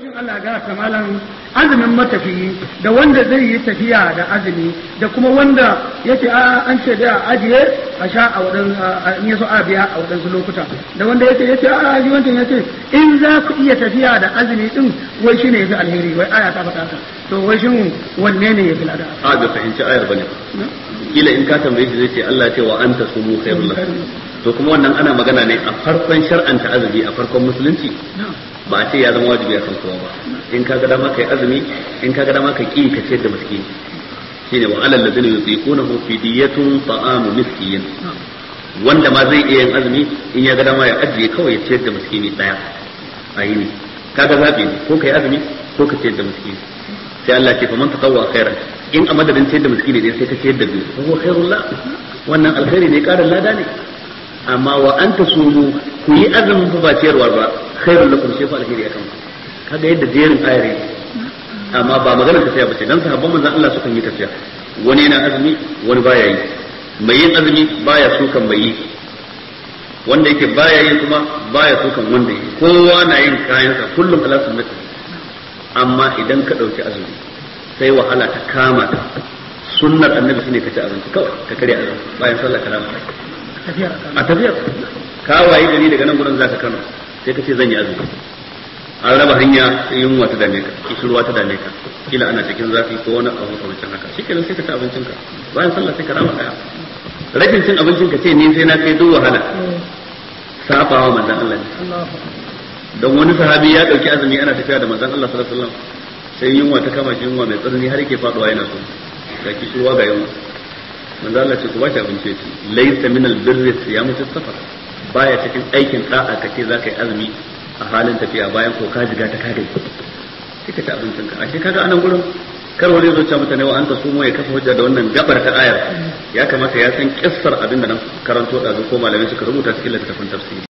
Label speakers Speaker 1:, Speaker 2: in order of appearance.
Speaker 1: shin Allah ga kamalan azumin matafiyi da wanda zai yi tafiya da azumi da kuma wanda yake a an ce da ajiye a sha a wadan in yaso a biya a wadansu lokuta da wanda yake yace a aji wancan yace in za ku iya tafiya da azumi din wai shine yafi alheri wai aya ta faɗa to wai shin wanne ne yafi lada a
Speaker 2: ga fahimci ayar bane kila in ka tambaye shi zai ce Allah ya ce wa anta sumu khairul lakum to kuma wannan ana magana ne a farkon shar'anta azumi a farkon musulunci ba a ce ya zama wajibi a kan kowa ba in ka ga dama kai azumi in ka ga dama ka ki ka ciyar da miskini shine wa alal ladina yuziqunahu fidyatun ta'amu miskin wanda ma zai iya yin azumi in ya ga dama ya ajiye kawai ya ciyar da miskini daya Ayi ne kaga zabi ne ko kai azumi ko ka ciyar da miskini sai Allah ce faman tatawwa khairan in a madadin ciyar da miskini ne sai ka ciyar da biyu ko khairul la wannan alkhairi ne karin lada ne amma wa an ta sumu ku yi azumin fa ba ciyarwa ba kuma lakum shi fa alheri akan kaga yadda jerin ayar yake amma ba maganar tafiya ba ce dan sahabban manzon Allah sukan yi tafiya wani yana azumi wani baya yi mai yin azumi baya sukan mai yi wanda yake baya yi kuma baya sukan wanda yake kowa na yin kayansa kullum ala sunnati amma idan ka dauki azumi sai wahala ta kama ta sunnar annabi shine ka ci abinci kawai ka kare azumi bayan sallah kalama
Speaker 1: a tafiyar
Speaker 2: ka gani daga nan za zaka Kano sai ka ce zan yi azumi an raba hanya yunwa ta dame ka kishirwa ta dame ka kila ana cikin zafi ko wani abu wancan haka shi kenan sai ka ci abincin ka bayan sallah sai ka rama daya rashin cin abincin ka ce ni sai na kai duk wahala sabawa manzon Allah
Speaker 1: ne don wani sahabi ya dauki azumi
Speaker 2: ana tafiya da manzon Allah sallallahu alaihi wasallam sai yunwa ta kama shi yunwa mai tsanani har yake faduwa yana so ga kishirwa ga yunwa manzo Allah ce ku ba bashi abinci ce laysa min albirri siyamu safar baya cikin aikin da'a kace zaka yi azumi a halin tafiya bayan ko ka jiga ta kage kika ta abincin ka ashe kaga anan gurin kar wani zo ce mutane wa anta sumo ya kafa
Speaker 1: hujja da wannan gabar ta ayar ya kamata ya san kissar abin da nan karanto da ko malamai suka rubuta cikin littafin tafsiri